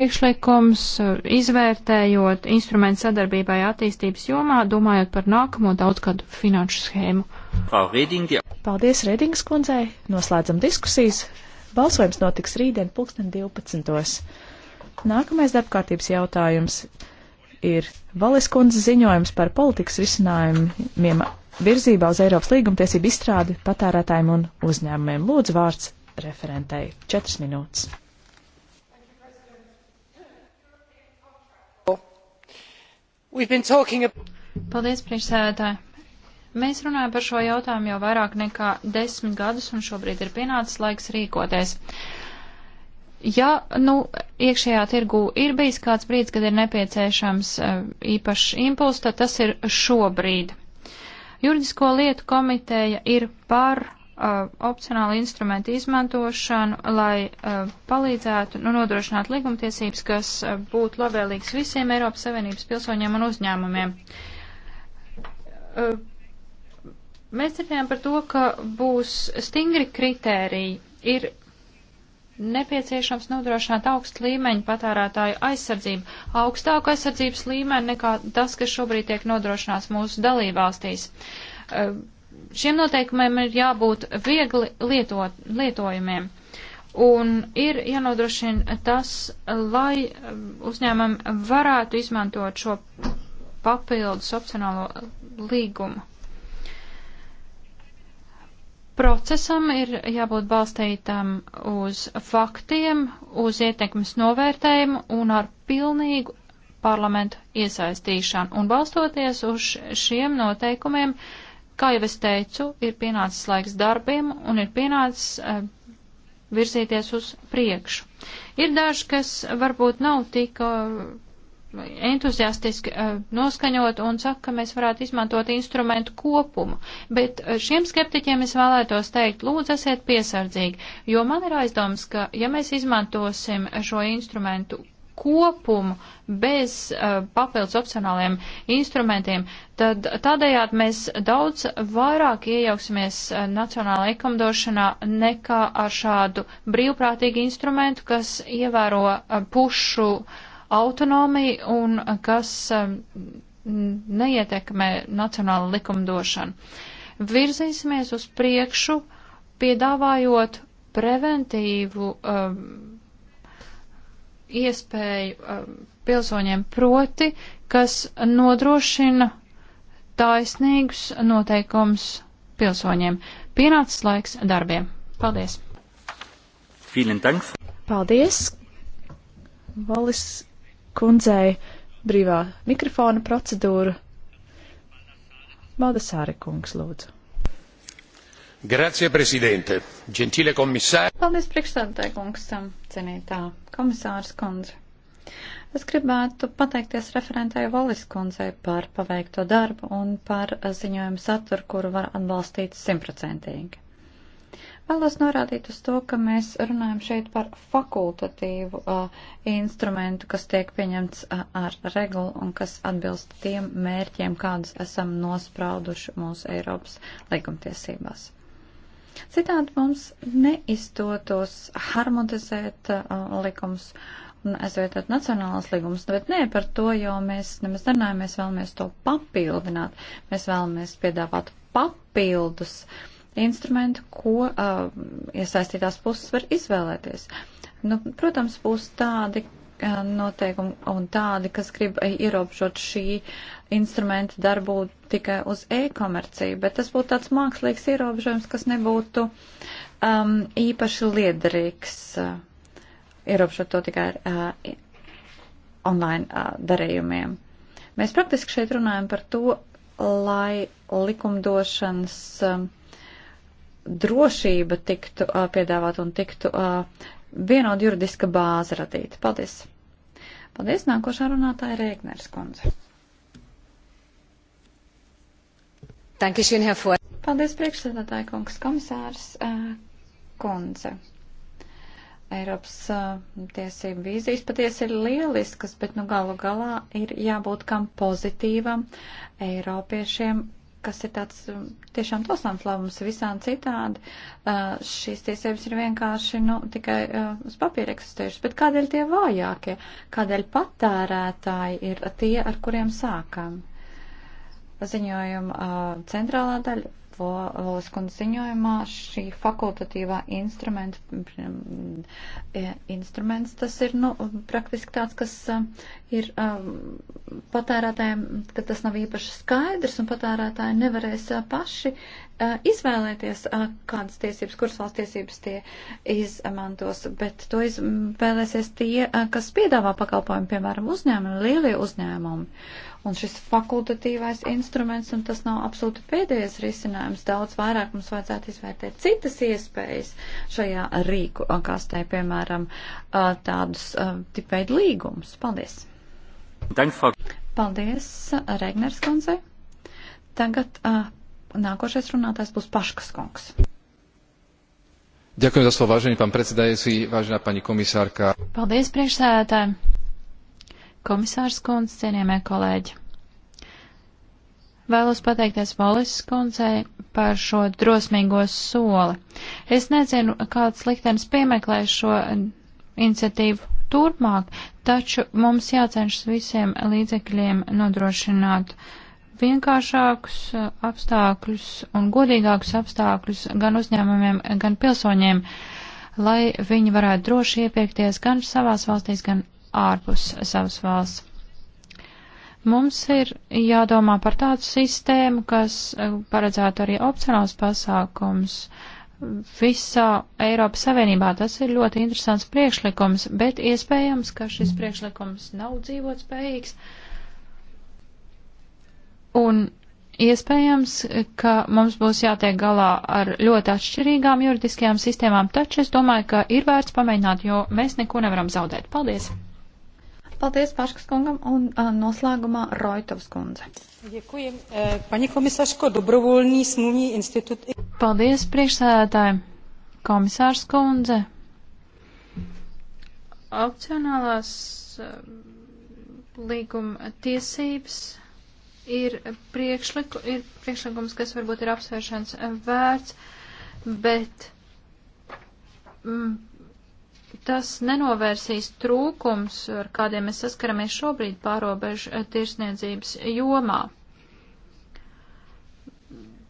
priekšlikums, izvērtējot instrumentu sadarbībai attīstības jomā, domājot par nākamo daudzgadu finanšu schēmu. Paldies, Redings kundzei! Noslēdzam diskusijas. Balsojums notiks rītdien, pulksten 12. Nākamais darbkārtības jautājums ir Valis kundzes ziņojums par politikas risinājumiem virzībā uz Eiropas līgumtiesību izstrādi patērētājiem un uzņēmumiem. Lūdzu vārds referentei. Četras minūtes. Talking... Paldies, priekšsēdētāji. Mēs runājam par šo jautājumu jau vairāk nekā desmit gadus, un šobrīd ir pienācis laiks rīkoties. Ja, nu, iekšējā tirgū ir bijis kāds brīdis, kad ir nepieciešams e, īpašs impuls, tad tas ir šobrīd. Juridisko lietu komiteja ir par uh, opcionālu instrumentu izmantošanu, lai uh, palīdzētu nu, nodrošināt likumtiesības, kas uh, būtu labvēlīgs visiem Eiropas Savienības pilsoņiem un uzņēmumiem. Uh, mēs dzirdējām par to, ka būs stingri kritēriji. Ir nepieciešams nodrošināt augstu līmeņu patērētāju aizsardzību, augstāku aizsardzības līmeni nekā tas, kas šobrīd tiek nodrošināts mūsu dalībvalstīs. Uh, šiem noteikumiem ir jābūt viegli lietot, lietojumiem. Un ir jānodrošina tas, lai um, uzņēmumi varētu izmantot šo papildus opcionālo līgumu. Procesam ir jābūt balstītam uz faktiem, uz ietekmes novērtējumu un ar pilnīgu parlamentu iesaistīšanu. Un balstoties uz šiem noteikumiem, uh, Kā jau es teicu, ir pienācis laiks darbiem un ir pienācis uh, virzīties uz priekšu. Ir daži, kas varbūt nav tik uh, entuziastiski uh, noskaņot un saka, ka mēs varētu izmantot instrumentu kopumu. Bet šiem skeptiķiem es vēlētos teikt, lūdzu, esiet piesardzīgi, jo man ir aizdoms, ka ja mēs izmantosim šo instrumentu kopumu bez uh, papildus opcionāliem instrumentiem, tad tādējādi mēs daudz vairāk iejauksimies uh, eh, nacionālajā likumdošanā nekā ar šādu brīvprātīgu instrumentu, kas ievēro uh, pušu autonomiju un uh, kas uh, neietekmē nacionālu likumdošanu. Virzīsimies uz priekšu, piedāvājot preventīvu um, iespēju um, pilsoņiem proti, kas nodrošina taisnīgus noteikumus pilsoņiem. Pienācis laiks darbiem. Paldies! Paldies! Valis kundzei brīvā mikrofona procedūra. Baldasāri kungs, lūdzu. Grazie, prezidente. Gentile komisāri. Paldies, priekšstādātāji kungs, cienītā komisārs kundze. Es gribētu pateikties referentai Valis kundzei par paveikto darbu un par ziņojumu saturu, kuru var atbalstīt simtprocentīgi. Vēlos norādīt uz to, ka mēs runājam šeit par fakultatīvu uh, instrumentu, kas tiek pieņemts uh, ar regulu un kas atbilst tiem mērķiem, kādus esam nosprauduši mūsu Eiropas līgumtiesībās. Citādi mums neizdotos harmonizēt uh, likumus un aizvietot nacionālas līgumus, nu, bet nē, par to jau mēs nemaz nerunājam, mēs vēlamies to papildināt, mēs vēlamies piedāvāt papildus instrumentu, ko uh, iesaistītās puses var izvēlēties. Nu, protams, būs tādi, Eh, noteikumi un tādi, kas grib eh, ierobežot šī instrumenta darbu tikai uz e-komerciju, bet tas būtu tāds mākslīgs ierobežojums, kas nebūtu um, īpaši liederīgs, uh, ierobežot to tikai ar uh, online uh, darījumiem. Mēs praktiski šeit runājam par to, lai likumdošanas um, drošība tiktu uh, piedāvāt un tiktu uh, vienotu juridiska bāze radīta. Paldies! Paldies! Nākošā runātāja Rēkners kundze. Dankeschön, Herr Vor. Paldies, priekšsēdētāja kungs, komisārs kundze. Eiropas tiesību vīzijas patiesi ir lieliskas, bet nu galu galā ir jābūt kam pozitīvam Eiropiešiem kas ir tāds um, tiešām tosams labums visām citādi. Uh, šīs tiesības ir vienkārši nu, tikai uh, uz papīra eksistējušas, bet kādēļ tie vājākie, kādēļ patērētāji ir tie, ar kuriem sākam? Ziņojuma uh, centrālā daļa Volas uh, kundze ziņojumā šī fakultatīvā instrumenta, mm, e, instruments, tas ir nu, praktiski tāds, kas uh, ir um, patērētājiem, ka tas nav īpaši skaidrs un patērētāji nevarēs uh, paši izvēlēties, kādas tiesības, kuras valsts tiesības tie izmantos, bet to izvēlēsies tie, kas piedāvā pakalpojumu, piemēram, uzņēmumi, lielie uzņēmumi. Un šis fakultatīvais instruments, un tas nav absolūti pēdējais risinājums, daudz vairāk mums vajadzētu izvērtēt citas iespējas šajā rīku kastē, piemēram, tādus tipēdu līgumus. Paldies! Paldies, Regners kundze. Tagad nākošais runātājs būs Paškas kungs. Ďakujem za slovo, vážený pán predsedajúci, vážená pani komisárka. Paldies, priekšsēdētāji komisārs kundze, cienījamie kolēģi. Vēlos pateikties Molis kundzei par šo drosmīgo soli. Es nezinu, kāds liktenis piemeklēs šo iniciatīvu turpmāk, taču mums jācenšas visiem līdzekļiem nodrošināt vienkāršākus apstākļus un godīgākus apstākļus gan uzņēmumiem, gan pilsoņiem, lai viņi varētu droši iepirkties gan savās valstīs, gan ārpus savas valsts. Mums ir jādomā par tādu sistēmu, kas eh, paredzētu arī opcionāls pasākums visā Eiropas Savienībā. Tas ir ļoti interesants priekšlikums, bet iespējams, ka šis priekšlikums nav dzīvot spējīgs. Un Iespējams, ka mums būs jātiek galā ar ļoti atšķirīgām juridiskajām sistēmām, taču es domāju, ka ir vērts pamēģināt, jo mēs neko nevaram zaudēt. Paldies! Paldies Paškas kungam un uh, noslēgumā Roitovs kundze. Ďakujem. Pani komisārsko, dobrovolný smluvní institūt. Paldies priekšsēdētājiem. Komisārs kundze. Opcionālās e, līguma tiesības ir, priekšliku, ir priekšlikums, kas varbūt ir apsvēršanas e, vērts, bet. Mm, tas nenovērsīs trūkums, ar kādiem mēs saskaramies šobrīd pārobežu eh, tirsniecības jomā.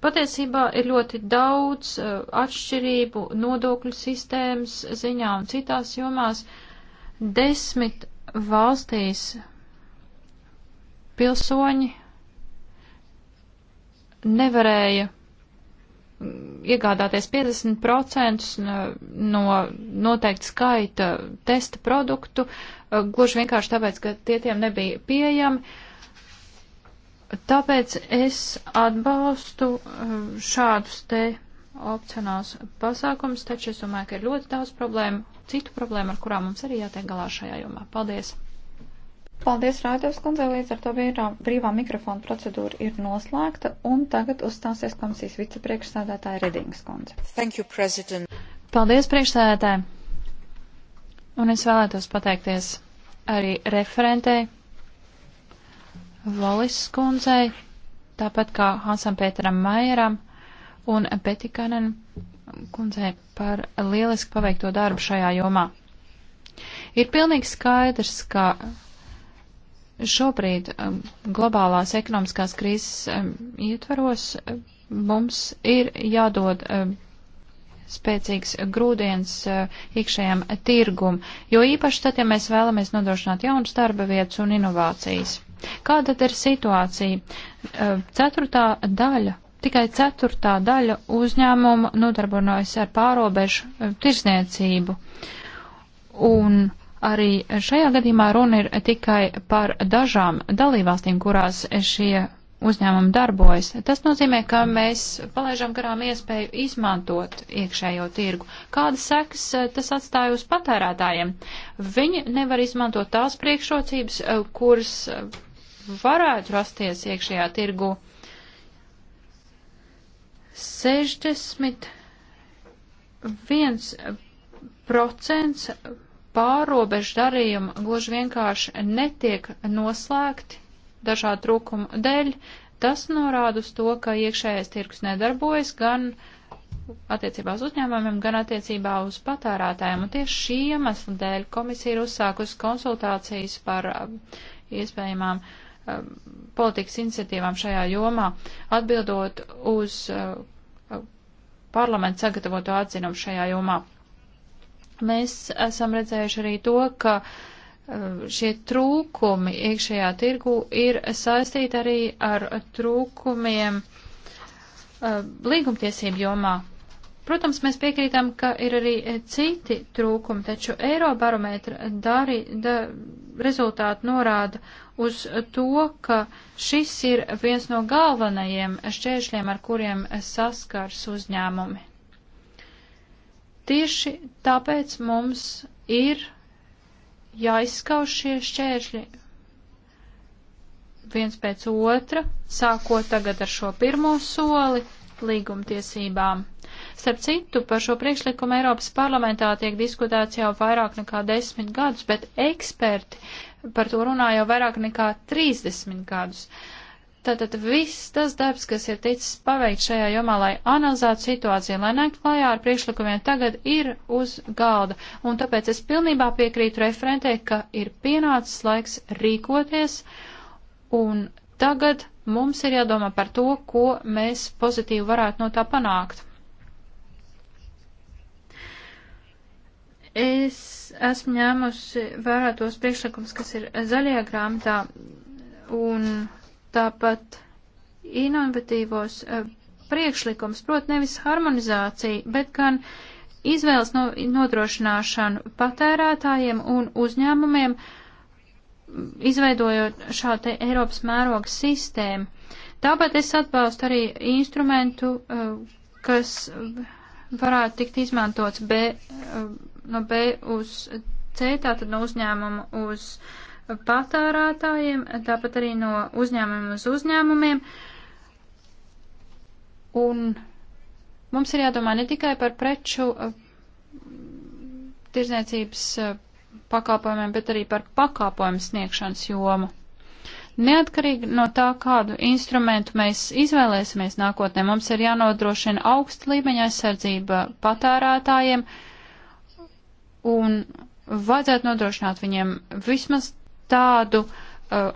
Patiesībā ir ļoti daudz eh, atšķirību nodokļu sistēmas ziņā un citās jomās. Desmit valstīs pilsoņi nevarēja iegādāties 50% no noteikta skaita testa produktu, e, gluži vienkārši tāpēc, ka tie tiem nebija pieejami. Tāpēc es atbalstu e, šādus te opcionāls pasākums, taču es domāju, ka ir ļoti daudz problēmu, citu problēmu, ar kurām mums arī jātiek galā šajā jomā. Paldies! Paldies, Rādevs kundze, līdz ar to brīvā, brīvā mikrofona procedūra ir noslēgta, un tagad uzstāsies komisijas vicepriekšsādātāja Redingas kundze. Thank you, President. Paldies, priekšsādātāji. Un es vēlētos pateikties arī referentei Valis kundzei, tāpat kā Hansam Pēteram Maieram un Petikanen kundzei par lieliski paveikto darbu šajā jomā. Ir pilnīgi skaidrs, ka Šobrīd um, globālās ekonomiskās krīzes um, ietvaros um, mums ir jādod um, spēcīgs grūdienis uh, iekšējam tirgum, jo īpaši tad, ja mēs vēlamies nodrošināt jaunas darba vietas un inovācijas. Kāda tad ir situācija? Uh, ceturtā daļa, tikai ceturtā daļa uzņēmumu nodarbojas ar pārobežu uh, tirsniecību. Un Arī šajā gadījumā runa ir tikai par dažām dalībvalstīm, kurās šie uzņēmumi darbojas. Tas nozīmē, ka mēs palaižam garām iespēju izmantot iekšējo tirgu. Kādas sekas eh, tas atstāja uz patērētājiem? Viņi nevar izmantot tās priekšrocības, eh, kuras eh, varētu rasties iekšējā tirgu. 61% pārobežu darījumi gluži vienkārši netiek noslēgti dažādu trūkumu dēļ, tas norāda uz to, ka iekšējais tirgus nedarbojas gan attiecībā uz uzņēmumiem, gan attiecībā uz patērētājiem. Un tieši šī iemesla dēļ komisija ir uzsākusi konsultācijas par um, iespējamām um, politikas iniciatīvām šajā jomā, atbildot uz uh, uh, parlamentu sagatavoto atzinumu šajā jomā. Mēs esam redzējuši arī to, ka uh, šie trūkumi iekšējā tirgu ir saistīti arī ar trūkumiem uh, līgumtiesību jomā. Protams, mēs piekrītam, ka ir arī eh, citi trūkumi, taču Eirobarometra dari, da, rezultāti norāda uz to, ka šis ir viens no galvenajiem šķēršļiem, ar kuriem saskars uzņēmumi. Tieši tāpēc mums ir jāizskauž šie šķēršļi viens pēc otra, sākot tagad ar šo pirmo soli līgumtiesībām. Starp citu, par šo priekšlikumu Eiropas parlamentā tiek diskutēts jau vairāk nekā desmit gadus, bet eksperti par to runā jau vairāk nekā 30 gadus. Uh, Tātad viss tas darbs, kas ir ticis paveikts šajā jomā, lai analizētu situāciju, lai nākt klajā ar priekšlikumiem, tagad ir uz galda. Un tāpēc es pilnībā piekrītu referentē, ka ir pienācis laiks rīkoties, un tagad mums ir jādomā par to, ko mēs pozitīvi varētu no tā panākt. Es esmu ņēmusi vērā tos priekšlikums, kas ir zaļajā grāmatā, un Tāpat inovatīvos e, priekšlikums, proti nevis harmonizācija, bet gan izvēles no, nodrošināšanu patērētājiem un uzņēmumiem, izveidojot šādu te Eiropas mēroga sistēmu. Tāpat es atbalstu arī instrumentu, e, kas varētu tikt izmantots B, e, no B uz C, tātad no uzņēmuma uz uh, patērētājiem, tāpat arī no uzņēmumiem uz uzņēmumiem. Un mums ir jādomā ne tikai par preču eh, tirzniecības eh, pakalpojumiem, bet arī par pakalpojumu sniegšanas jomu. Neatkarīgi no tā, kādu instrumentu mēs izvēlēsimies nākotnē, mums ir jānodrošina augsta līmeņa aizsardzība patērētājiem un vajadzētu nodrošināt viņiem vismaz tādu uh,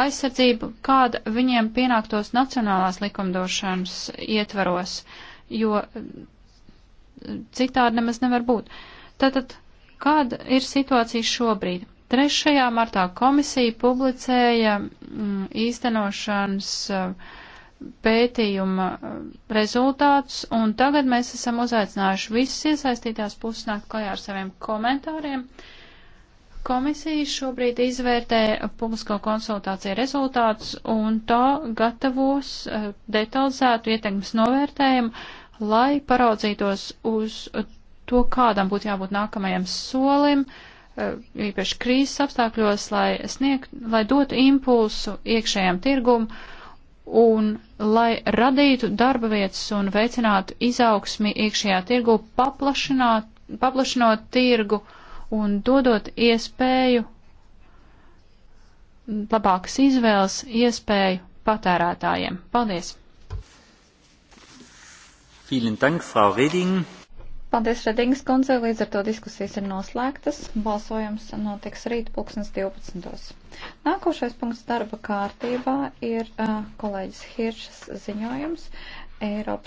aizsardzību, kāda viņiem pienāktos nacionālās likumdošanas ietvaros, jo uh, citādi nemaz nevar būt. Tātad, kāda ir situācija šobrīd? 3. martā komisija publicēja m, mm, īstenošanas uh, pētījuma rezultātus, un tagad mēs esam uzaicinājuši visas iesaistītās puses nākt klajā ar saviem komentāriem. Uh, Komisija šobrīd izvērtē publisko konsultāciju rezultātus un to gatavos eh, detalizētu ietekmes novērtējumu, lai paraudzītos uz to, kādam būtu jābūt nākamajam solim, eh, īpaši krīzes apstākļos, lai, sniegt, lai dotu impulsu iekšējam tirgum un lai radītu darba vietas un veicinātu izaugsmi iekšējā tirgu, paplašinot tirgu un dodot iespēju, labākas izvēles iespēju patērētājiem. Paldies! Dank, Frau Reding. Paldies, Redingas kundze. Līdz ar to diskusijas ir noslēgtas. Balsojums notiks rīt pulksnes 12. Nākošais punkts darba kārtībā ir uh, kolēģis Hiršas ziņojums Eiropas.